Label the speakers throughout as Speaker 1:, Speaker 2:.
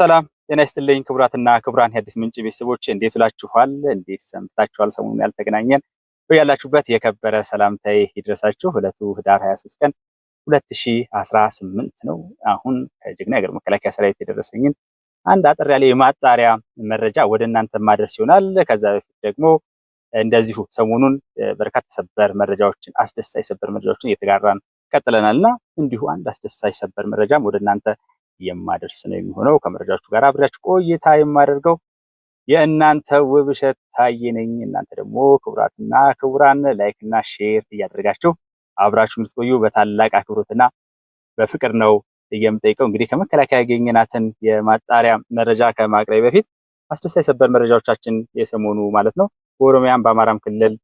Speaker 1: ሰላም ጤና ይስጥልኝ ክቡራትና ክቡራን የአዲስ ምንጭ ቤተሰቦች እንዴት ውላችኋል? እንዴት ሰምታችኋል? ሰሞኑን ያልተገናኘን ያላችሁበት የከበረ ሰላምታዬ ይድረሳችሁ። ዕለቱ ህዳር 23 ቀን 2018 ነው። አሁን ከጀግና የሀገር መከላከያ ሰራዊት የደረሰኝን አንድ አጠር ያለ የማጣሪያ መረጃ ወደ እናንተ ማድረስ ይሆናል። ከዛ በፊት ደግሞ እንደዚሁ ሰሞኑን በርካታ ሰበር መረጃዎችን አስደሳች ሰበር መረጃዎችን እየተጋራን ቀጥለናልና እንዲሁ አንድ አስደሳች ሰበር መረጃም ወደ እናንተ የማደርስ ነው የሚሆነው። ከመረጃዎቹ ጋር አብሬያችሁ ቆይታ የማደርገው የእናንተ ውብ እሸት ነኝ። እናንተ ደግሞ ክቡራትና ክቡራን ላይክና ሼር እያደረጋችሁ አብራችሁ የምትቆዩ በታላቅ አክብሮትና በፍቅር ነው የምጠይቀው። እንግዲህ ከመከላከያ ያገኘናትን የማጣሪያ መረጃ ከማቅረቢ በፊት አስደሳች ሰበር መረጃዎቻችን የሰሞኑ ማለት ነው በኦሮሚያም በአማራም ክልል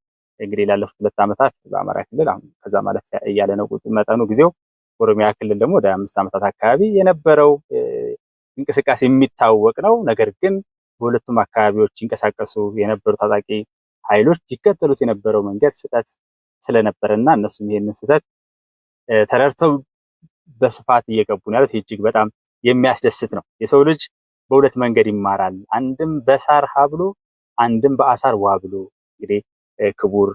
Speaker 1: እንግዲህ ላለፉት ሁለት ዓመታት በአማራ ክልል አሁን ከዛ ማለፍ እያለ ነው መጠኑ ጊዜው ኦሮሚያ ክልል ደግሞ ወደ አምስት ዓመታት አካባቢ የነበረው እንቅስቃሴ የሚታወቅ ነው። ነገር ግን በሁለቱም አካባቢዎች ይንቀሳቀሱ የነበሩ ታጣቂ ኃይሎች ይከተሉት የነበረው መንገድ ስህተት ስለነበረ እና እነሱም ይህንን ስህተት ተረድተው በስፋት እየገቡ ነው ያሉት እጅግ በጣም የሚያስደስት ነው። የሰው ልጅ በሁለት መንገድ ይማራል። አንድም በሳር ሀብሎ፣ አንድም በአሳር ዋብሎ። እንግዲህ ክቡር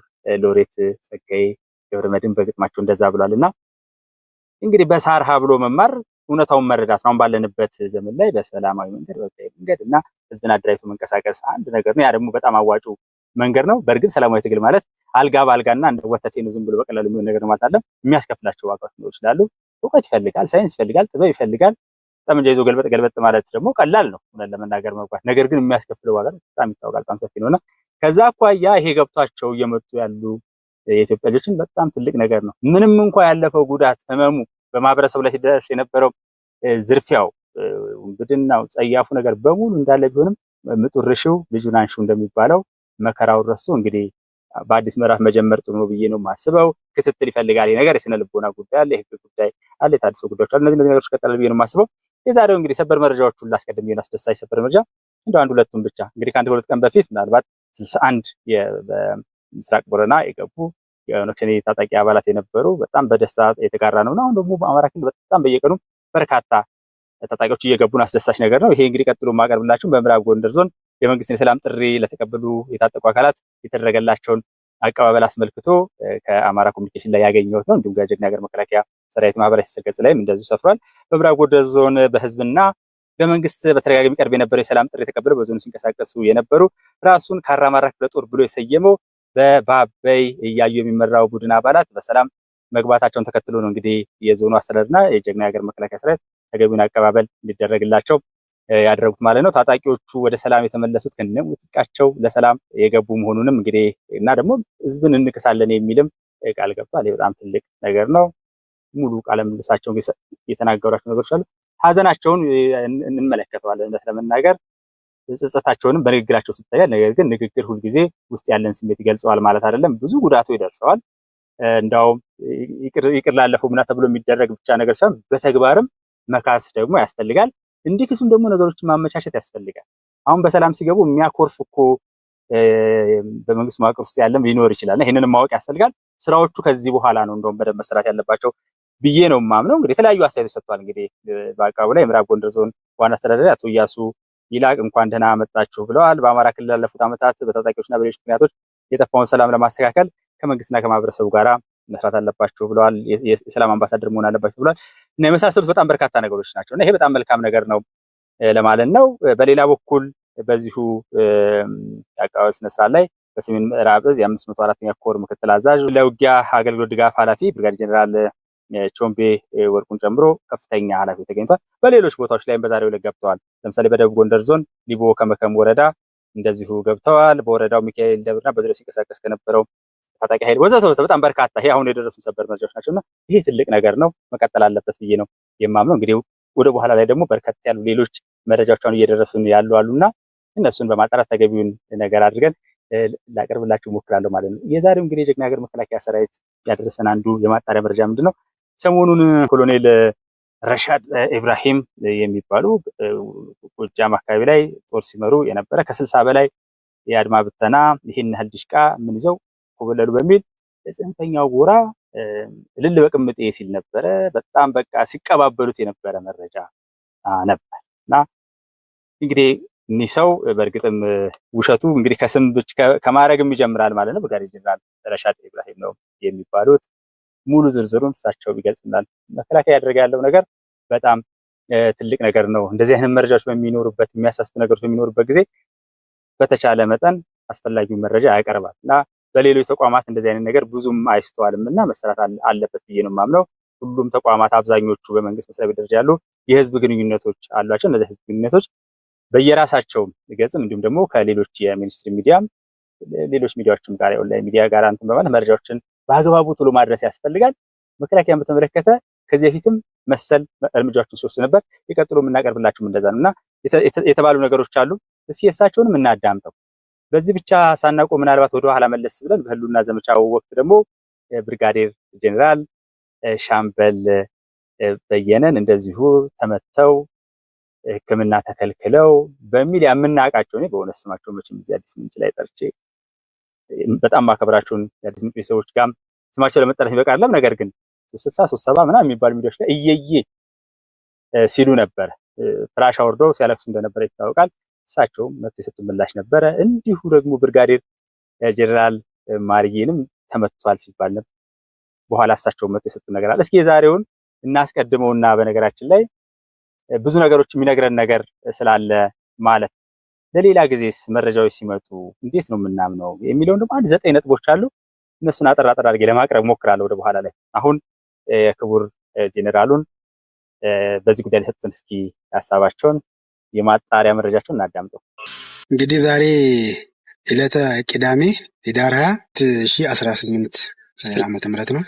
Speaker 1: ሎሬት ጸጋዬ ገብረመድህን በግጥማቸው እንደዛ ብሏል እና እንግዲህ በሳር ሀብሎ መማር እውነታውን መረዳት ነው። አሁን ባለንበት ዘመን ላይ በሰላማዊ መንገድ በተለይ መንገድ እና ህዝብን አደራጅቶ መንቀሳቀስ አንድ ነገር ነው። ያ ደግሞ በጣም አዋጩ መንገድ ነው። በእርግጥ ሰላማዊ ትግል ማለት አልጋ እና እንደ ወተቴ ነው ዝም ብሎ በቀላሉ የሚሆን ነገር ማለት አይደለም። የሚያስከፍላቸው ዋጋዎች ሊኖሩ ይችላሉ። እውቀት ይፈልጋል፣ ሳይንስ ይፈልጋል፣ ጥበብ ይፈልጋል። ጠመንጃ ይዞ ገልበጥ ገልበጥ ማለት ደግሞ ቀላል ነው ለመናገር መግባት። ነገር ግን የሚያስከፍለው ዋጋ በጣም ይታወቃል፣ በጣም ሰፊ ነው እና ከዛ አኳያ ይሄ ገብቷቸው እየመጡ ያሉ የኢትዮጵያ ልጆችን በጣም ትልቅ ነገር ነው። ምንም እንኳ ያለፈው ጉዳት፣ ህመሙ፣ በማህበረሰቡ ላይ ሲደርስ የነበረው ዝርፊያው፣ ውንብድናው፣ ጸያፉ ነገር በሙሉ እንዳለ ቢሆንም ምጡርሽው ልጁን አንሹ እንደሚባለው መከራውን ረስቶ እንግዲህ በአዲስ ምዕራፍ መጀመር ጥሩ ነው ብዬ ነው የማስበው። ክትትል ይፈልጋል ነገር። የስነ ልቦና ጉዳይ አለ፣ የህግ ጉዳይ አለ፣ የታድሶ ጉዳዮች አሉ። እነዚህ እነዚህ ነገሮች ቀጠለ ብዬ ነው የማስበው። የዛሬው እንግዲህ ሰበር መረጃዎቹን ላስቀድም። የሆነ አስደሳች ሰበር መረጃ እንደ አንድ ሁለቱም ብቻ እንግዲህ ከአንድ ሁለት ቀን በፊት ምናልባት ስልሳ አንድ ምስራቅ ቦረና የገቡ የኦነግ ሸኔ ታጣቂ አባላት የነበሩ በጣም በደስታ የተጋራ ነው እና አሁን ደግሞ በአማራ ክልል በጣም በየቀኑ በርካታ ታጣቂዎች እየገቡን አስደሳች ነገር ነው። ይሄ እንግዲህ ቀጥሎ ማቀርብላችሁ በምዕራብ ጎንደር ዞን የመንግስትን የሰላም ጥሪ ለተቀበሉ የታጠቁ አካላት የተደረገላቸውን አቀባበል አስመልክቶ ከአማራ ኮሚኒኬሽን ላይ ያገኘሁት ነው። እንዲሁም ከጀግና ሀገር መከላከያ ሰራዊት ማህበራዊ ትስስር ገጽ ላይም እንደዚሁ ሰፍሯል። በምዕራብ ጎንደር ዞን በህዝብና በመንግስት በተደጋጋሚ ቀርብ የነበረው የሰላም ጥሪ የተቀበሉ በዞኑ ሲንቀሳቀሱ የነበሩ ራሱን ከአራማራ ክፍለ ጦር ብሎ የሰየመው በባበይ እያዩ የሚመራው ቡድን አባላት በሰላም መግባታቸውን ተከትሎ ነው እንግዲህ የዞኑ አስተዳደርና የጀግና የሀገር መከላከያ ሰራዊት ተገቢውን አቀባበል እንዲደረግላቸው ያደረጉት ማለት ነው። ታጣቂዎቹ ወደ ሰላም የተመለሱት ከነ ትጥቃቸው ለሰላም የገቡ መሆኑንም እንግዲህ እና ደግሞ ህዝብን እንቅሳለን የሚልም ቃል ገብቷል። በጣም ትልቅ ነገር ነው። ሙሉ ቃለ ምልልሳቸውን የተናገሯቸው ነገሮች አሉ። ሀዘናቸውን እንመለከተዋለን ለመናገር ጸጸታቸውንም በንግግራቸው ሲታያል። ነገር ግን ንግግር ሁልጊዜ ውስጥ ያለን ስሜት ይገልጸዋል ማለት አይደለም። ብዙ ጉዳቱ ይደርሰዋል። እንዳውም ይቅር ላለፈው ምና ተብሎ የሚደረግ ብቻ ነገር ሳይሆን በተግባርም መካስ ደግሞ ያስፈልጋል። እንዲክሱም ደግሞ ነገሮችን ማመቻቸት ያስፈልጋል። አሁን በሰላም ሲገቡ የሚያኮርፍ እኮ በመንግስት መዋቅር ውስጥ ያለም ሊኖር ይችላል። ይህንን ማወቅ ያስፈልጋል። ስራዎቹ ከዚህ በኋላ ነው እንደውም በደንብ መሰራት ያለባቸው ብዬ ነው የማምነው። እንግዲህ የተለያዩ አስተያየቶች ሰጥተዋል። እንግዲህ በአቃቡ ላይ የምዕራብ ጎንደር ዞን ዋና አስተዳዳሪ አቶ እያሱ ይላቅ እንኳን ደህና መጣችሁ ብለዋል። በአማራ ክልል ላለፉት ዓመታት በታጣቂዎችና በሌሎች ምክንያቶች የጠፋውን ሰላም ለማስተካከል ከመንግስትና ከማህበረሰቡ ጋራ መስራት አለባችሁ ብለዋል። የሰላም አምባሳደር መሆን አለባችሁ ብለዋል እና የመሳሰሉት በጣም በርካታ ነገሮች ናቸው እና ይሄ በጣም መልካም ነገር ነው ለማለት ነው። በሌላ በኩል በዚሁ አቀባበል ስነስርዓት ላይ በሰሜን ምዕራብ ዕዝ የአምስት መቶ አራተኛ ኮር ምክትል አዛዥ ለውጊያ አገልግሎት ድጋፍ ኃላፊ ብርጋዴር ጀኔራል ቾምቤ ወርቁን ጨምሮ ከፍተኛ ኃላፊ ተገኝቷል። በሌሎች ቦታዎች ላይም በዛሬው ዕለት ገብተዋል። ለምሳሌ በደቡብ ጎንደር ዞን ሊቦ ከመከም ወረዳ እንደዚሁ ገብተዋል። በወረዳው ሚካኤል ደብርና በዙሪያው ሲንቀሳቀስ ከነበረው ታጣቂ ኃይል ወዘተ ወዘተ በጣም በርካታ ይሄ አሁን የደረሱ ሰበር መረጃዎች ናቸው እና ይሄ ትልቅ ነገር ነው፣ መቀጠል አለበት ብዬ ነው የማምነው። እንግዲህ ወደ በኋላ ላይ ደግሞ በርከት ያሉ ሌሎች መረጃዎች አሁን እየደረሱን ያሉ አሉና እነሱን በማጣራት ተገቢውን ነገር አድርገን ላቀርብላችሁ ሞክራለሁ ማለት ነው። የዛሬው እንግዲህ የጀግና ሀገር መከላከያ ሰራዊት ያደረሰን አንዱ የማጣሪያ መረጃ ምንድን ነው? ሰሞኑን ኮሎኔል ረሻድ ኢብራሂም የሚባሉ ጎጃም አካባቢ ላይ ጦር ሲመሩ የነበረ ከስልሳ በላይ የአድማ ብተና ይህን ያህል ድሽቃ ምን ይዘው ኮበለሉ በሚል ለጽንፈኛው ጎራ እልል በቅምጤ ሲል ነበረ። በጣም በቃ ሲቀባበሉት የነበረ መረጃ ነበር እና እንግዲህ እኒህ ሰው በእርግጥም ውሸቱ እንግዲህ ከስም ከማድረግም ይጀምራል ማለት ነው። ብርጋዴር ጄኔራል ረሻድ ኢብራሂም ነው የሚባሉት። ሙሉ ዝርዝሩን እሳቸው ቢገልጽናል። መከላከያ ያደረገ ያለው ነገር በጣም ትልቅ ነገር ነው። እንደዚህ አይነት መረጃዎች በሚኖሩበት የሚያሳስቱ ነገሮች በሚኖሩበት ጊዜ በተቻለ መጠን አስፈላጊውን መረጃ ያቀርባል እና በሌሎች ተቋማት እንደዚህ አይነት ነገር ብዙም አይስተዋልም እና መሰራት አለበት ብዬ ነው የማምነው። ሁሉም ተቋማት አብዛኞቹ በመንግስት መስሪያ ቤት ደረጃ ያሉ የህዝብ ግንኙነቶች አሏቸው። እነዚህ ህዝብ ግንኙነቶች በየራሳቸው ገጽም እንዲሁም ደግሞ ከሌሎች የሚኒስትሪ ሚዲያም ሌሎች ሚዲያዎችም ጋር ኦንላይን ሚዲያ ጋር እንትን በማለት መረጃዎችን በአግባቡ ቶሎ ማድረስ ያስፈልጋል። መከላከያን በተመለከተ ከዚህ በፊትም መሰል እርምጃዎችን ሶስት ነበር። የቀጥሎ የምናቀርብላችሁም እንደዛ ነው እና የተባሉ ነገሮች አሉ። እስኪ የእሳቸውንም እናዳምጠው። በዚህ ብቻ ሳናቆ ምናልባት ወደ ኋላ መለስ ብለን በህሉና ዘመቻው ወቅት ደግሞ ብርጋዴር ጄኔራል ሻምበል በየነን እንደዚሁ ተመተው ሕክምና ተከልክለው በሚል የምናውቃቸው እኔ በእውነት ስማቸው መቼም እዚህ አዲስ ምንጭ ላይ ጠርቼ በጣም ማከብራችሁን የአዲስ ምንጭ ቤተሰቦች ጋር ስማቸው ለመጠራት ይበቃለም። ነገር ግን ሶስት ስልሳ ሶስት ሰባ ምናምን የሚባሉ ሚዲያዎች ላይ እየዬ ሲሉ ነበረ። ፍራሽ አውርደው ሲያለቅሱ እንደነበረ ይታወቃል። እሳቸውም መቶ የሰጡ ምላሽ ነበረ። እንዲሁ ደግሞ ብርጋዴር ጀኔራል ማርዬንም ተመቷል ሲባል ነበር። በኋላ እሳቸውም መቶ የሰጡ ነገር አለ። እስኪ የዛሬውን እናስቀድመውና በነገራችን ላይ ብዙ ነገሮች የሚነግረን ነገር ስላለ ማለት ለሌላ ጊዜስ መረጃዎች ሲመጡ እንዴት ነው የምናምነው የሚለውን ደግሞ አንድ ዘጠኝ ነጥቦች አሉ። እነሱን አጠራ አጠር አድርጌ ለማቅረብ ሞክራለሁ ወደ በኋላ ላይ። አሁን ክቡር ጄኔራሉን በዚህ ጉዳይ ሊሰጡትን እስኪ ሀሳባቸውን የማጣሪያ መረጃቸውን
Speaker 2: እናዳምጠው። እንግዲህ ዛሬ ዕለተ ቅዳሜ ሺ አስራ 2018 ዓመተ ምህረት ነው።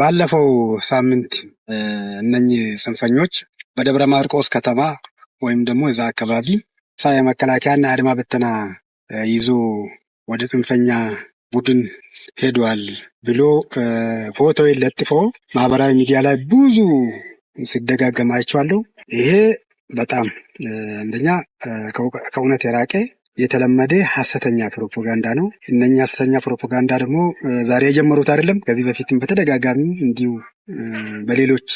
Speaker 2: ባለፈው ሳምንት እነኚህ ጽንፈኞች በደብረ ማርቆስ ከተማ ወይም ደግሞ እዛ አካባቢ ሳ የመከላከያና የአድማ በተና ይዞ ወደ ጽንፈኛ ቡድን ሄዷል ብሎ ፎቶ ለጥፎ ማህበራዊ ሚዲያ ላይ ብዙ ሲደጋገም ይሄ በጣም አንደኛ ከእውነት የራቀ የተለመደ ሀሰተኛ ፕሮፓጋንዳ ነው። እነኛ ሀሰተኛ ፕሮፓጋንዳ ደግሞ ዛሬ የጀመሩት አይደለም። ከዚህ በፊትም በተደጋጋሚ እንዲሁ በሌሎች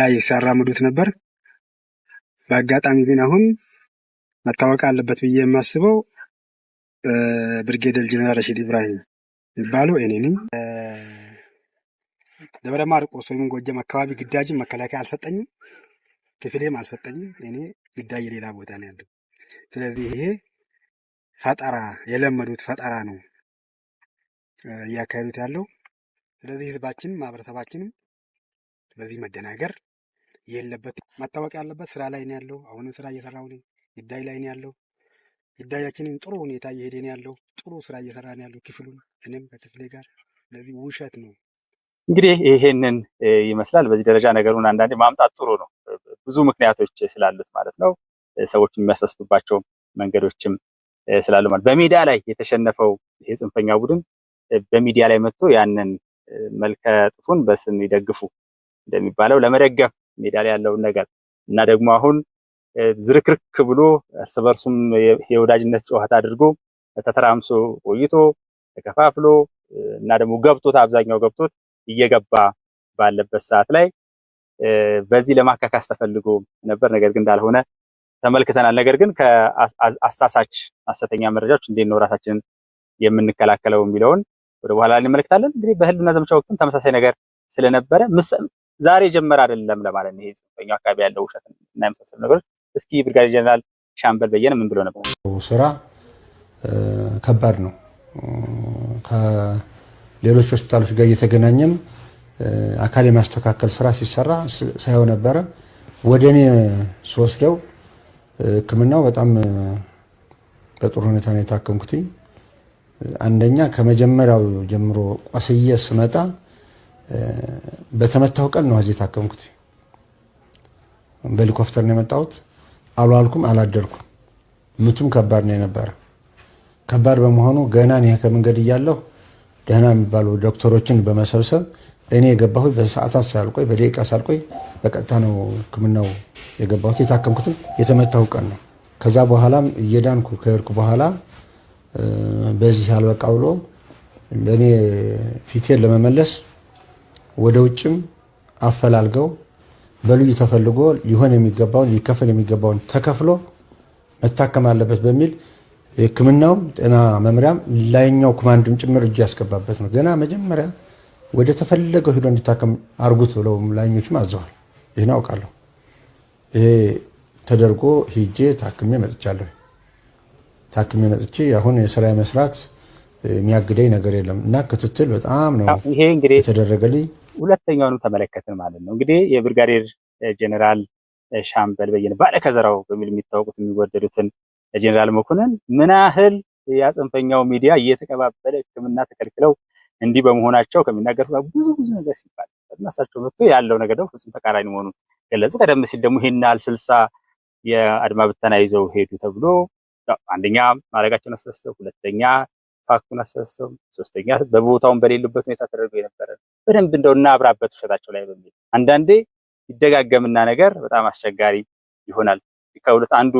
Speaker 2: ላይ ሲያራምዱት ነበር። በአጋጣሚ ግን አሁን መታወቅ አለበት ብዬ የማስበው ብርጌደል ጀነራል ረሺድ ኢብራሂም የሚባሉ እኔንም ደብረ ማርቆስ ወይም ጎጀም አካባቢ ግዳጅ መከላከያ አልሰጠኝም፣ ክፍሌም አልሰጠኝም። እኔ ግዳጅ ሌላ ቦታ ነው ያለው። ስለዚህ ይሄ ፈጠራ የለመዱት ፈጠራ ነው እያካሄዱት ያለው። ስለዚህ ህዝባችንም ማህበረሰባችንም በዚህ መደናገር የለበት። መታወቅ ያለበት ስራ ላይ ነው ያለው። አሁንም ስራ እየሰራው ነኝ። ግዳይ ላይ ነው ያለው። ግዳያችንን ጥሩ ሁኔታ እየሄደ ነው ያለው። ጥሩ ስራ እየሰራ ነው ያለው ክፍሉን እኔም ከክፍሌ ጋር። ስለዚህ ውሸት ነው እንግዲህ ይሄንን ይመስላል። በዚህ ደረጃ ነገሩን አንዳንዴ ማምጣት ጥሩ ነው፣ ብዙ ምክንያቶች ስላሉት ማለት ነው። ሰዎች የሚያሳስቱባቸው መንገዶችም ስላሉ ማለት በሜዳ ላይ የተሸነፈው ይሄ ጽንፈኛ ቡድን በሚዲያ ላይ መጥቶ ያንን መልከ ጥፉን በስም ይደግፉ እንደሚባለው ለመደገፍ ሜዳ ላይ ያለውን ነገር እና ደግሞ አሁን ዝርክርክ ብሎ እርስ በርሱም የወዳጅነት ጨዋታ አድርጎ ተተራምሶ ቆይቶ ተከፋፍሎ እና ደግሞ ገብቶት አብዛኛው ገብቶት እየገባ ባለበት ሰዓት ላይ በዚህ ለማካካስ ተፈልጎ ነበር። ነገር ግን እንዳልሆነ ተመልክተናል። ነገር ግን ከአሳሳች አሰተኛ መረጃዎች እንዴት ነው ራሳችንን የምንከላከለው የሚለውን ወደ በኋላ እንመለከታለን። እንግዲህ በህልና ዘመቻ ወቅትም ተመሳሳይ ነገር ስለነበረ ዛሬ ጀመረ አይደለም ለማለት ይሄ ጽንፈኛው አካባቢ ያለው ውሸት እና የመሳሰሉ ነገሮች እስኪ ብርጋዴር ጀነራል ሻምበል በየነ ምን ብሎ ነበር? ስራ ከባድ ነው። ከሌሎች ሆስፒታሎች ጋር እየተገናኘም አካል የማስተካከል ስራ ሲሰራ ሳየው ነበረ። ወደ እኔ ስወስደው ህክምናው በጣም በጥሩ ሁኔታ ነው የታከምኩትኝ። አንደኛ ከመጀመሪያው ጀምሮ ቆስዬ ስመጣ በተመታው ቀን ነው እዚህ የታከምኩት። በሄሊኮፕተር ነው የመጣሁት። አልዋልኩም፣ አላደርኩም። ምቱም ከባድ ነው የነበረ። ከባድ በመሆኑ ገና እኔ ከመንገድ እያለሁ ደህና የሚባሉ ዶክተሮችን በመሰብሰብ እኔ የገባሁት በሰዓታት ሳልቆይ በደቂቃ ሳልቆይ በቀጥታ ነው ሕክምናው የገባሁት። የታከምኩትም የተመታው ቀን ነው። ከዛ በኋላም እየዳንኩ ከሄድኩ በኋላ በዚህ አልበቃ ብሎ ለእኔ ፊቴን ለመመለስ ወደ ውጭም አፈላልገው በልዩ ተፈልጎ ሊሆን የሚገባውን ሊከፈል የሚገባውን ተከፍሎ መታከም አለበት በሚል ህክምናው ጤና መምሪያም ላይኛው ኮማንድም ጭምር እጅ ያስገባበት ነው። ገና መጀመሪያ ወደ ተፈለገው ሂዶ እንዲታከም አርጉት ብለው ላይኞችም አዘዋል። ይህን አውቃለሁ። ይሄ ተደርጎ ሂጄ ታክሜ መጥቻለሁ። ታክሜ መጥቼ አሁን የስራ መስራት የሚያግደኝ ነገር የለም እና ክትትል በጣም ነው የተደረገልኝ። ሁለተኛውንም ተመለከትን ማለት ነው። እንግዲህ የብርጋዴር ጀኔራል ሻምበል በየነ ባለ ከዘራው በሚል የሚታወቁት የሚወደዱትን ጀኔራል መኮንን ምን ያህል የአጽንፈኛው ሚዲያ እየተቀባበለ ሕክምና ተከልክለው እንዲህ በመሆናቸው ከሚናገሩት ጋር ብዙ ብዙ ነገር ሲባል እናሳቸው መጥቶ ያለው ነገር ደግሞ ፍጹም ተቃራኒ መሆኑን ገለጹ። ቀደም ሲል ደግሞ ይህን ያህል ስልሳ የአድማ ብተና ይዘው ሄዱ ተብሎ አንደኛ ማድረጋቸውን አስረስተው ሁለተኛ ፓኩን አሰሰው ሶስተኛ በቦታውን በሌሉበት ሁኔታ ተደርጎ የነበረ በደንብ እንደው እናብራበት ውሸታቸው ላይ በሚል አንዳንዴ ይደጋገምና ነገር በጣም አስቸጋሪ ይሆናል። ከሁለት አንዱ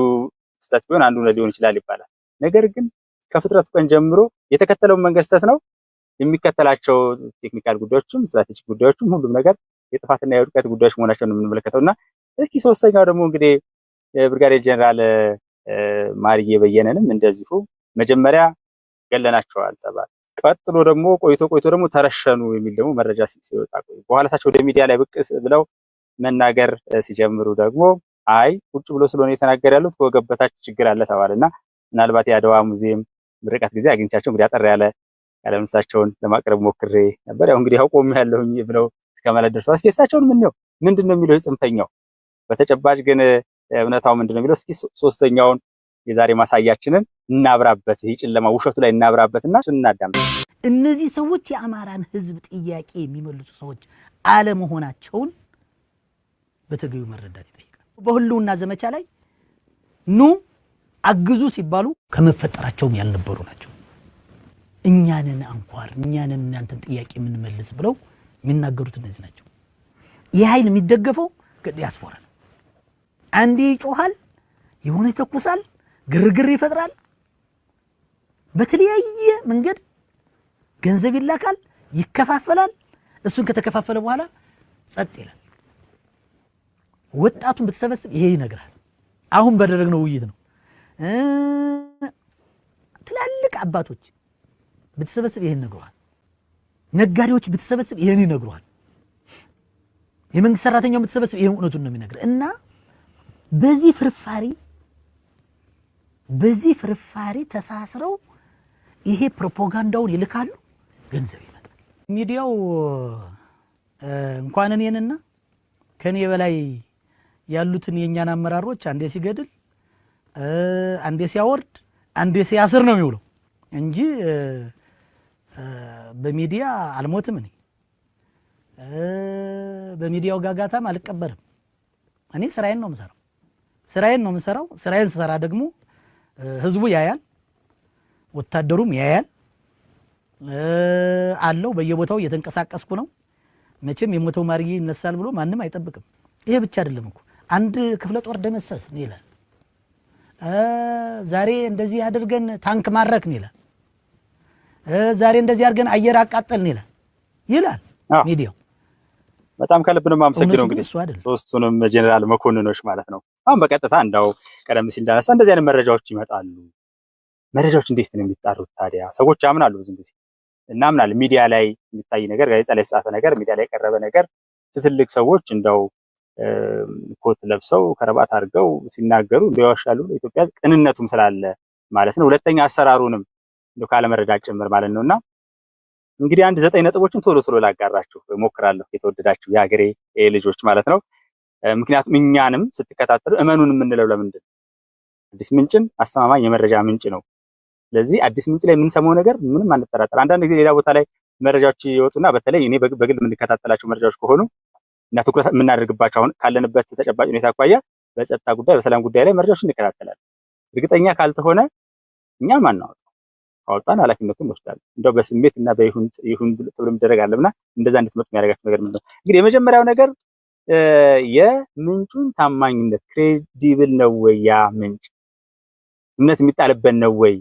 Speaker 2: ስህተት ቢሆን አንዱ ሊሆን ይችላል ይባላል። ነገር ግን ከፍጥረት ቀን ጀምሮ የተከተለውን መንገድ ስህተት ነው። የሚከተላቸው ቴክኒካል ጉዳዮችም ስትራቴጂክ ጉዳዮችም ሁሉም ነገር የጥፋትና የውድቀት ጉዳዮች መሆናቸውን የምንመለከተው እና እስኪ ሶስተኛው ደግሞ እንግዲህ ብርጋዴር ጀኔራል ማርዬ በየነንም እንደዚሁ መጀመሪያ ገለናቸዋል ተባለ። ቀጥሎ ደግሞ ቆይቶ ቆይቶ ደግሞ ተረሸኑ የሚል ደግሞ መረጃ ሲወጣ በኋላ ታቸው ወደ ሚዲያ ላይ ብቅ ብለው መናገር ሲጀምሩ ደግሞ አይ ቁጭ ብሎ ስለሆነ የተናገር ያሉት ከወገብ ችግር አለ ተባለ እና ምናልባት የአድዋ ሙዚየም ምርቀት ጊዜ አግኝቻቸው እንግዲህ አጠር ያለ ያለምሳቸውን ለማቅረብ ሞክሬ ነበር። ያው እንግዲህ አውቆም ያለሁኝ ብለው እስከ ማለት ደርሰዋል። እስኪ እሳቸውን ምን ነው ምንድን ነው የሚለው ጽንፈኛው፣ በተጨባጭ ግን እውነታው ምንድን ነው የሚለው እስኪ ሶስተኛውን የዛሬ ማሳያችንን እናብራበት፣ ይህ ጨለማ ውሸቱ ላይ እናብራበትና እናዳም እነዚህ ሰዎች የአማራን ህዝብ ጥያቄ የሚመልሱ ሰዎች አለመሆናቸውን በተገቢው መረዳት ይጠይቃል። በህልውና ዘመቻ ላይ ኑ አግዙ ሲባሉ ከመፈጠራቸውም ያልነበሩ ናቸው። እኛንን አንኳር እኛንን እናንተን ጥያቄ የምንመልስ ብለው የሚናገሩት እነዚህ ናቸው። ይህ ኃይል የሚደገፈው ዲያስፖራ ነው። አንዴ ይጮሃል፣ የሆነ ይተኩሳል፣ ግርግር ይፈጥራል፣ በተለያየ መንገድ ገንዘብ ይላካል፣ ይከፋፈላል። እሱን ከተከፋፈለ በኋላ ጸጥ ይላል። ወጣቱን ብትሰበስብ ይሄ ይነግራል። አሁን ባደረግነው ውይይት ነው። ትላልቅ አባቶች ብትሰበስብ ይሄን ይነግሯል። ነጋዴዎች ብትሰበስብ ይሄን ይነግሯል። የመንግስት ሰራተኛውን ብትሰበስብ ይሄን እውነቱን ነው የሚነግር እና በዚህ ፍርፋሪ በዚህ ፍርፋሪ ተሳስረው ይሄ ፕሮፓጋንዳውን ይልካሉ፣ ገንዘብ ይመጣል። ሚዲያው እንኳን እኔንና ከኔ በላይ ያሉትን የእኛን አመራሮች አንዴ ሲገድል፣ አንዴ ሲያወርድ፣ አንዴ ሲያስር ነው የሚውለው እንጂ በሚዲያ አልሞትም። እኔ በሚዲያው ጋጋታም አልቀበርም። እኔ ስራዬን ነው የምሰራው። ስራዬን ነው የምሰራው። ስራዬን ስሰራ ደግሞ ህዝቡ ያያል። ወታደሩም ያያል አለው። በየቦታው እየተንቀሳቀስኩ ነው። መቼም የሞተው ማርዬ ይነሳል ብሎ ማንም አይጠብቅም። ይሄ ብቻ አይደለም እኮ አንድ ክፍለ ጦር ደመሰስ ነው ይላል፣ ዛሬ እንደዚህ አድርገን ታንክ ማረክ ነው ይላል፣ ዛሬ እንደዚህ አድርገን አየር አቃጠል ነው ይላል ይላል ሚዲያው። በጣም ከልብ ነው የማመሰግነው። እንግዲህ ሶስቱንም ጄኔራል መኮንኖች ማለት ነው። አሁን በቀጥታ እንዳው ቀደም ሲል እንዳነሳ እንደዚህ አይነት መረጃዎች ይመጣሉ መረጃዎች እንዴት ነው የሚጣሩት ታዲያ? ሰዎች ያምናሉ ብዙ ጊዜ እናምናል። ሚዲያ ላይ የሚታይ ነገር፣ ጋዜጣ ላይ የተጻፈ ነገር፣ ሚዲያ ላይ የቀረበ ነገር ትትልቅ ሰዎች እንደው ኮት ለብሰው ከረባት አድርገው ሲናገሩ እንደ ያዋሻሉ ኢትዮጵያ ቅንነቱም ስላለ ማለት ነው። ሁለተኛ አሰራሩንም እንደው ካለመረዳት ጭምር ማለት ነው። እና እንግዲህ አንድ ዘጠኝ ነጥቦችን ቶሎ ቶሎ ላጋራችሁ ሞክራለሁ። የተወደዳችሁ የሀገሬ ልጆች ማለት ነው። ምክንያቱም እኛንም ስትከታተሉ እመኑን የምንለው ለምንድን ነው? አዲስ አስተማማኝ የመረጃ ምንጭ ነው ስለዚህ አዲስ ምንጭ ላይ የምንሰማው ነገር ምንም አንጠራጠር። አንዳንድ ጊዜ ሌላ ቦታ ላይ መረጃዎች ይወጡና በተለይ እኔ በግል የምንከታተላቸው መረጃዎች ከሆኑ እና ትኩረት የምናደርግባቸው አሁን ካለንበት ተጨባጭ ሁኔታ አኳያ በጸጥታ ጉዳይ፣ በሰላም ጉዳይ ላይ መረጃዎች እንከታተላለን። እርግጠኛ ካልተሆነ እኛም አናወጣ አወጣን ኃላፊነቱን እንወስዳለን። እንደው በስሜት እና በይሁን ተብሎ የሚደረግ አለምና እንደዛ እንድትመጡ የሚያደርጋቸው ነገር ምንድን ነው? እንግዲህ የመጀመሪያው ነገር የምንጩን ታማኝነት ክሬዲብል ነው ወይ ያ ምንጭ እምነት የሚጣልበት ነው ወይ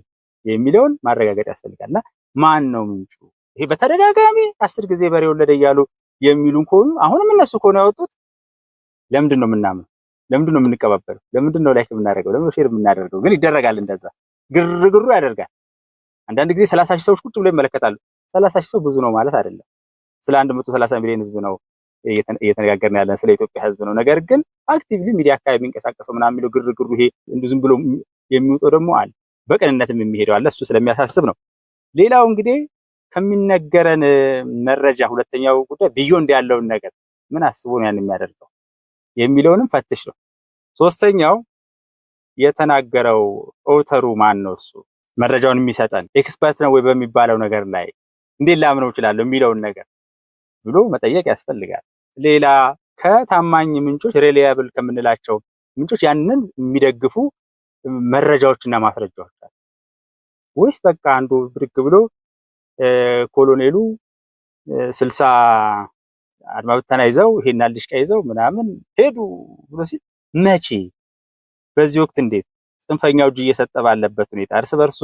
Speaker 2: የሚለውን ማረጋገጥ ያስፈልጋል። ና ማን ነው ምንጩ? ይሄ በተደጋጋሚ አስር ጊዜ በሬ ወለደ እያሉ የሚሉን ከሆኑ አሁንም እነሱ ከሆነ ያወጡት ለምንድን ነው የምናምነው? ለምንድን ነው የምንቀባበለው? ለምንድን ነው ላይክ የምናደርገው? ለምንድን ሼር የምናደርገው? ግን ይደረጋል። እንደዛ ግርግሩ ያደርጋል። አንዳንድ ጊዜ ሰላሳ ሺህ ሰዎች ቁጭ ብሎ ይመለከታሉ። ሰላሳ ሺህ ሰው ብዙ ነው ማለት አይደለም። ስለ አንድ መቶ ሰላሳ ሚሊዮን ህዝብ ነው እየተነጋገርን ያለን ስለ ኢትዮጵያ ህዝብ ነው። ነገር ግን አክቲቪቲ ሚዲያ አካባቢ የሚንቀሳቀሰው ምናምን የሚለው ግርግሩ ይሄ እንዲሁ ዝም ብሎ የሚውጠው ደግሞ አለ። በቅንነትም የሚሄደው አለ። እሱ ስለሚያሳስብ ነው። ሌላው እንግዲህ ከሚነገረን መረጃ ሁለተኛው ጉዳይ ቢዮንድ ያለውን ነገር ምን አስቦ ነው ያን የሚያደርገው የሚለውንም ፈትሽ ነው። ሶስተኛው የተናገረው ኦተሩ ማን ነው? እሱ መረጃውን የሚሰጠን ኤክስፐርት ነው ወይ በሚባለው ነገር ላይ እንዴት ላምነው እችላለሁ የሚለውን ነገር ብሎ መጠየቅ ያስፈልጋል። ሌላ ከታማኝ ምንጮች ሬሊያብል ከምንላቸው ምንጮች ያንን የሚደግፉ መረጃዎችና ማስረጃዎች አሉ ወይስ በቃ አንዱ ብድግ ብሎ ኮሎኔሉ ስልሳ አድማ ብተና ይዘው ይሄን አልሽቃ ይዘው ምናምን ሄዱ ብሎ ሲል መቼ በዚህ ወቅት እንዴት ጽንፈኛው እጅ እየሰጠ ባለበት ሁኔታ እርስ በርሱ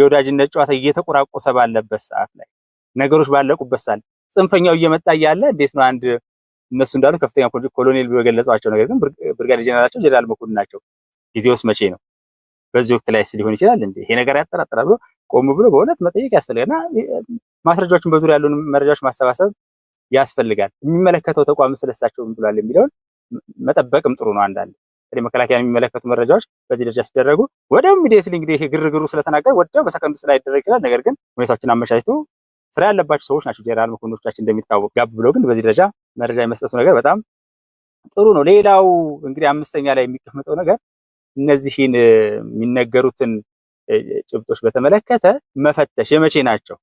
Speaker 2: የወዳጅነት ጨዋታ እየተቆራቆሰ ባለበት ሰዓት ላይ ነገሮች ባለቁበት ሰዓት ጽንፈኛው እየመጣ እያለ እንዴት ነው አንድ እነሱ እንዳሉት ከፍተኛ ኮሎኔል በገለጿቸው ነገር ግን ብርጋዴ ጀነራላቸው ጀነራል መኮንን ናቸው ጊዜውስ መቼ ነው በዚህ ወቅት ላይ ሊሆን ይችላል እንዴ ይሄ ነገር ያጠራጥራል ብሎ ቆም ብሎ በእውነት መጠየቅ ያስፈልጋልና ማስረጃዎችን በዙሪያ ያሉን መረጃዎች ማሰባሰብ ያስፈልጋል። የሚመለከተው ተቋም ስለሳቸው ብሏል የሚለውን መጠበቅም ጥሩ ነው። አንዳንድ መከላከያ የሚመለከቱ መረጃዎች በዚህ ደረጃ ሲደረጉ ወዲያው ሚዲየትሊ እንግዲህ ግርግሩ ስለተናገር ወዲያው በሰከንዱ ውስጥ ላይደረግ ይችላል። ነገር ግን ሁኔታዎችን አመቻችቶ ስራ ያለባቸው ሰዎች ናቸው ጀራል መኮንኖቻችን እንደሚታወቅ። ጋብ ብሎ ግን በዚህ ደረጃ መረጃ የመስጠቱ ነገር በጣም ጥሩ ነው። ሌላው እንግዲህ አምስተኛ ላይ የሚቀመጠው ነገር እነዚህን የሚነገሩትን ጭብጦች በተመለከተ መፈተሽ የመቼ ናቸው?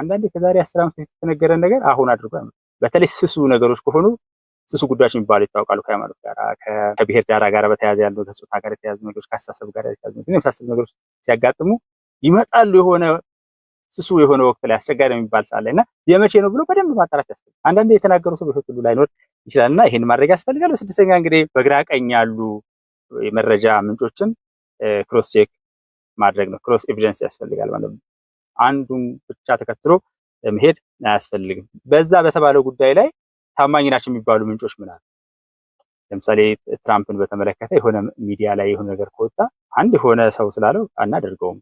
Speaker 2: አንዳንዴ ከዛሬ አስር ዓመት በፊት የተነገረ ነገር አሁን አድርጎ በተለይ ስሱ ነገሮች ከሆኑ ስሱ ጉዳዮች የሚባሉ ይታወቃሉ። ከሃይማኖት ጋር ከብሔር ዳራ ጋር በተያያዘ ያሉ ከጾታ ጋር የተያዙ ነገሮች፣ ከአስተሳሰብ ጋር የተያዙ የመሳሰሉ ነገሮች ሲያጋጥሙ ይመጣሉ። የሆነ ስሱ የሆነ ወቅት ላይ አስቸጋሪ የሚባል ሰዓት ላይ እና የመቼ ነው ብሎ በደንብ ማጣራት ያስፈልጋል። አንዳንዴ የተናገሩ ሰው በፊት ሁሉ ላይኖር ይችላል እና ይህን ማድረግ ያስፈልጋል። በስድስተኛ እንግዲህ በግራ ቀኝ ያሉ የመረጃ ምንጮችን ክሮስ ቼክ ማድረግ ነው። ክሮስ ኤቪደንስ ያስፈልጋል ማለት ነው። አንዱን ብቻ ተከትሎ መሄድ አያስፈልግም። በዛ በተባለው ጉዳይ ላይ ታማኝ ናቸው የሚባሉ ምንጮች ምን አሉ? ለምሳሌ ትራምፕን በተመለከተ የሆነ ሚዲያ ላይ የሆነ ነገር ከወጣ አንድ የሆነ ሰው ስላለው አናደርገውም።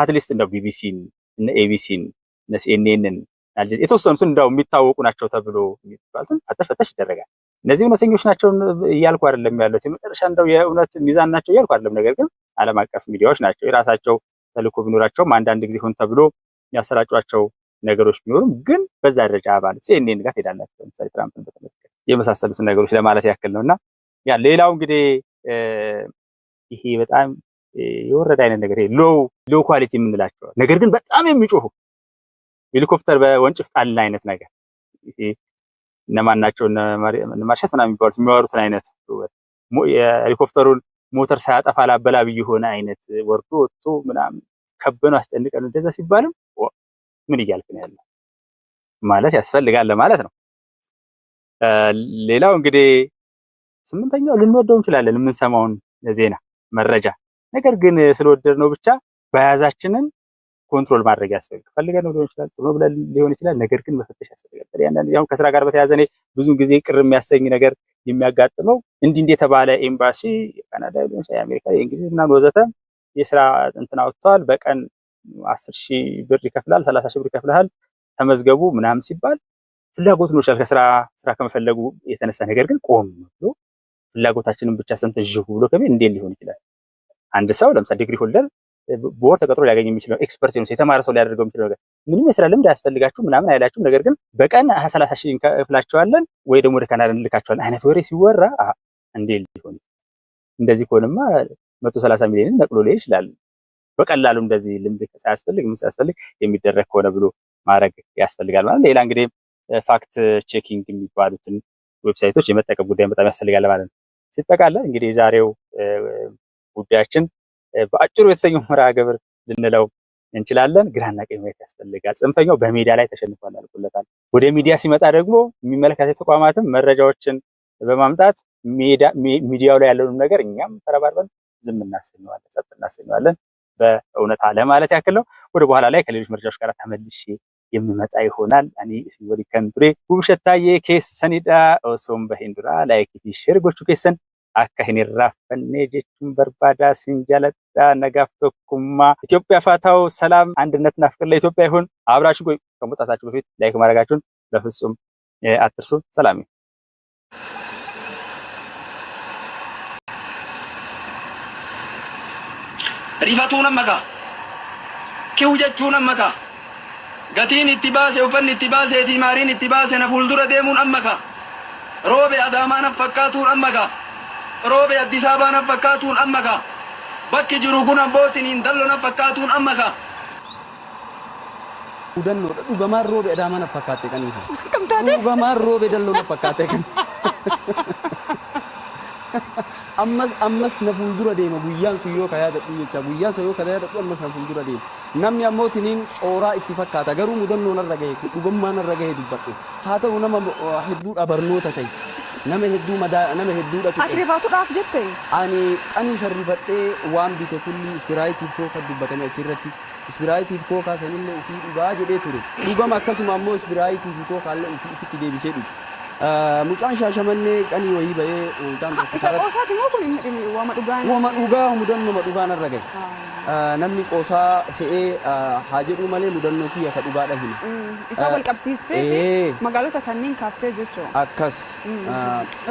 Speaker 2: አትሊስት እንደው ቢቢሲን እነ ኤቢሲን እነ ሲኤንኤንን የተወሰኑትን እንደው የሚታወቁ ናቸው ተብሎ የሚባሉትን ፈተሽ ፈተሽ ይደረጋል። እነዚህ እውነተኞች ናቸው እያልኩ አይደለም ያሉት የመጨረሻ እንደው የእውነት ሚዛን ናቸው እያልኩ አይደለም። ነገር ግን ዓለም አቀፍ ሚዲያዎች ናቸው። የራሳቸው ተልእኮ ቢኖራቸውም አንዳንድ ጊዜ ሆን ተብሎ ያሰራጯቸው ነገሮች ቢኖሩም ግን በዛ ደረጃ አባል ሲኤንኤን ጋር ትሄዳላችሁ። ለምሳሌ ትራምፕን በተመለከተ የመሳሰሉትን ነገሮች ለማለት ያክል ነው እና ያ ሌላው እንግዲህ ይሄ በጣም የወረደ አይነት ነገር ሎው ሎው ኳሊቲ የምንላቸው ነገር ግን በጣም የሚጮሁ ሄሊኮፕተር በወንጭፍ ጣልን አይነት ነገር እነማን ናቸው ማርሸት ምናምን የሚባሉት የሚዋሩትን አይነት የሄሊኮፕተሩን ሞተር ሳያጠፋ አላበላብ የሆነ አይነት ወርዶ ወጥቶ ምናምን ከበኑ አስጨንቀን እንደዛ ሲባልም ምን እያልክ ነው ያለ ማለት ያስፈልጋል ማለት ነው። ሌላው እንግዲህ ስምንተኛው ልንወደው እንችላለን የምንሰማውን ዜና መረጃ፣ ነገር ግን ስለወደድ ነው ብቻ በያዛችንን ኮንትሮል ማድረግ ያስፈልግ ፈልገ ነው ሊሆን ይችላል፣ ጥሩ ብለን ሊሆን ይችላል። ነገር ግን መፈተሽ ያስፈልጋል። ያንን ያሁን ከስራ ጋር በተያያዘ እኔ ብዙ ጊዜ ቅር የሚያሰኝ ነገር የሚያጋጥመው እንዲህ እንደ የተባለ ኤምባሲ የካናዳ ሊሆን ይችላል፣ የአሜሪካ፣ የእንግሊዝ ምናምን ወዘተ የስራ እንትን አውጥተዋል። በቀን አስር ሺህ ብር ይከፍላል፣ ሰላሳ ሺህ ብር ይከፍልሃል፣ ተመዝገቡ ምናምን ሲባል ፍላጎት ነው ይችላል ከስራ ስራ ከመፈለጉ የተነሳ ነገር ግን ቆም ብሎ ፍላጎታችንን ብቻ ሰምተን ዥሁ ብሎ ከቤት እንዴት ሊሆን ይችላል? አንድ ሰው ለምሳሌ ዲግሪ ሆልደር በወር ተቀጥሮ ሊያገኝ የሚችል ነው። ኤክስፐርት ነው፣ የተማረ ሰው ሊያደርገው የሚችል ነገር ምንም የስራ ልምድ አያስፈልጋችሁ ምናምን አይላችሁም። ነገር ግን በቀን ሰላሳ ሺህ እንከፍላቸዋለን ወይ ደግሞ ወደ ካናዳ እንልካቸዋለን አይነት ወሬ ሲወራ እንዴ ሊሆን እንደዚህ ከሆንማ መቶ ሰላሳ ሚሊዮንን ነቅሎ ላይ ይችላል። በቀላሉ እንደዚህ ልምድ ሳያስፈልግ ምን ሳያስፈልግ የሚደረግ ከሆነ ብሎ ማድረግ ያስፈልጋል ማለት ሌላ እንግዲህ ፋክት ቼኪንግ የሚባሉትን ዌብሳይቶች የመጠቀም ጉዳይ በጣም ያስፈልጋል ማለት ነው። ሲጠቃለል እንግዲህ የዛሬው ጉዳያችን በአጭሩ የተሰኘው መርሃ ግብር ልንለው እንችላለን። ግራና ቀኝ ማየት ያስፈልጋል። ጽንፈኛው በሚዲያ ላይ ተሸንፏል፣ አልቆለታል። ወደ ሚዲያ ሲመጣ ደግሞ የሚመለከታቸው ተቋማትም መረጃዎችን በማምጣት ሚዲያው ላይ ያለውን ነገር እኛም ተረባርበን ዝም እናሰኘዋለን፣ ጸጥ እናሰኘዋለን። በእውነታ ለማለት ያክል ነው። ወደ በኋላ ላይ ከሌሎች መረጃዎች ጋር ተመልሼ የሚመጣ ይሆናል። አኒ ሲወሪ ከንቱሬ ውብሸታዬ ኬስ ሰኒዳ ሶም በሂንዱራ ላይክ ሸርጎቹ ኬሰን akka hin irraaffanne jechuun barbaadaa siin jaaladha. Nagaaf tokkummaa Itoophiyaa salaam Itoophiyaaf haa ta'u ሰላም አንድነትና ፍቅር ለኢትዮጵያ ይሁን። አብራችሁ ቆዩ። ከመውጣታችሁ በፊት ላይክ ማድረጋችሁን በፍጹም አትርሱ። ሰላም rifatuu nammataa jechuun jechuu nammataa gatiin itti baase uffanni itti baasee fi maariin itti baase na fuuldura deemuun amma ammakaa roobe adaamaa na fakkaatuun amma ammakaa roobe Addis Ababaa nan fakkaatuun amma kaa bakki jiru kun abbootiin hindallo nan fakkaatuun amma kaa. Hudannoodha dhugamaan roobe adaamaa nan fakkaate kan isa. Dhugamaan roobe dalloo nan fakkaate kan. Ammas ammas na fuuldura deema guyyaan sun yoo ka yaadadhu jecha guyyaan sun yoo ka yaadadhu ammas na fuuldura deema. Namni ammoo tiniin cooraa itti fakkaata garuu mudannoo narra gahe dhugummaa narra gahe dubbadhe haa ta'u nama hedduudha barnoota ta'e. nama hedduu nama hedduudhatu ati baatuudhaaf jette ani qanii sarrifadhee waan bite kulli ispiraayitiif kooka dubbatame achirratti ispiraayitiif kookaa sanillee ufii dhugaa jedhee ture dhugama akkasuma ammoo ispiraayitiif kookaallee ufitti deebisee dhuge Mucaan shaashamannee qanii wayii ba'ee mucaan tokko Isa qoosaati moo kun waama dhugaa? Waama dhugaa mudannoo ma dhugaa narra gahe. Namni qoosaa se'ee haa jedhu malee mudannoo kiyya ka dhugaa dhahine. Isa wal qabsiistee magaalota kanneen kaaftee jechuudha. Akkas.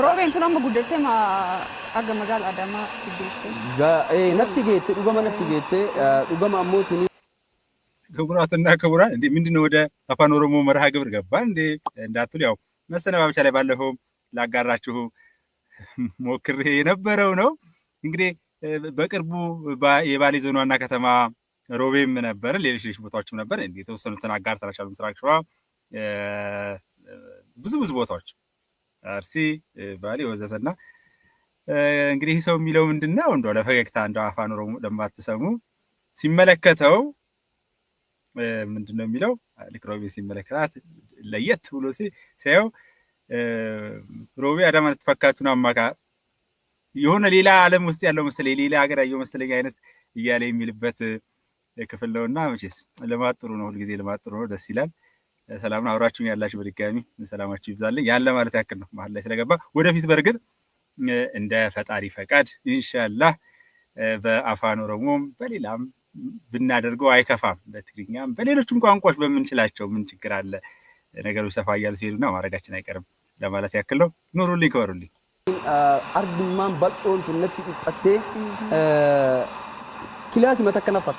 Speaker 2: Roobeen tun amma guddattee aga magaala Adamaa si geettee? Natti geette dhugama natti geette dhugama ammoo tuni ክቡራትና ክቡራን እንዴ ምንድነው ወደ አፋን ኦሮሞ መርሃ ግብር ገባ እንዴ እንዳትሉ ያው መሰነባበቻ ላይ ባለፈው ላጋራችሁ ሞክሬ የነበረው ነው። እንግዲህ በቅርቡ የባሌ ዞን ዋና ከተማ ሮቤም ነበር፣ ሌሎች ሌሎች ቦታዎችም ነበር። የተወሰኑትን ተራሻሉ፣ ምስራቅ ሸዋ፣ ብዙ ብዙ ቦታዎች አርሲ፣ ባሌ ወዘተና እንግዲህ ሰው የሚለው ምንድን ነው ለፈገግታ እንደ አፋን ኦሮሞ ለማትሰሙ ሲመለከተው ምንድን ነው የሚለው ልክ ሮቢ ሲመለከታት ለየት ብሎ ሲያየው ሮቢ አዳማ ተፈካቱን አማካ የሆነ ሌላ ዓለም ውስጥ ያለው መሰለኝ ሌላ ሀገር ያየው መሰለኝ አይነት እያለ የሚልበት ክፍል ነው እና መቼስ ልማት ጥሩ ነው፣ ሁልጊዜ ልማት ጥሩ ነው፣ ደስ ይላል። ሰላም ነው። አብራችሁን ያላችሁ በድጋሚ ሰላማችሁ ይብዛልኝ። ያለ ማለት ያክል ነው መሀል ላይ ስለገባ ወደፊት በእርግጥ እንደ ፈጣሪ ፈቃድ ኢንሻላህ በአፋን ኦሮሞም በሌላም ብናደርገው አይከፋም። በትግርኛም በሌሎችም ቋንቋዎች በምንችላቸው ምን ችግር አለ? ነገሩ ሰፋ እያሉ ሲሄዱና ማድረጋችን አይቀርም ለማለት ያክል ነው። ኑሩልኝ፣ ክበሩልኝ። አርድማን በልጦንቱ ነቲ ጠቴ ክላስ መተከነፈታ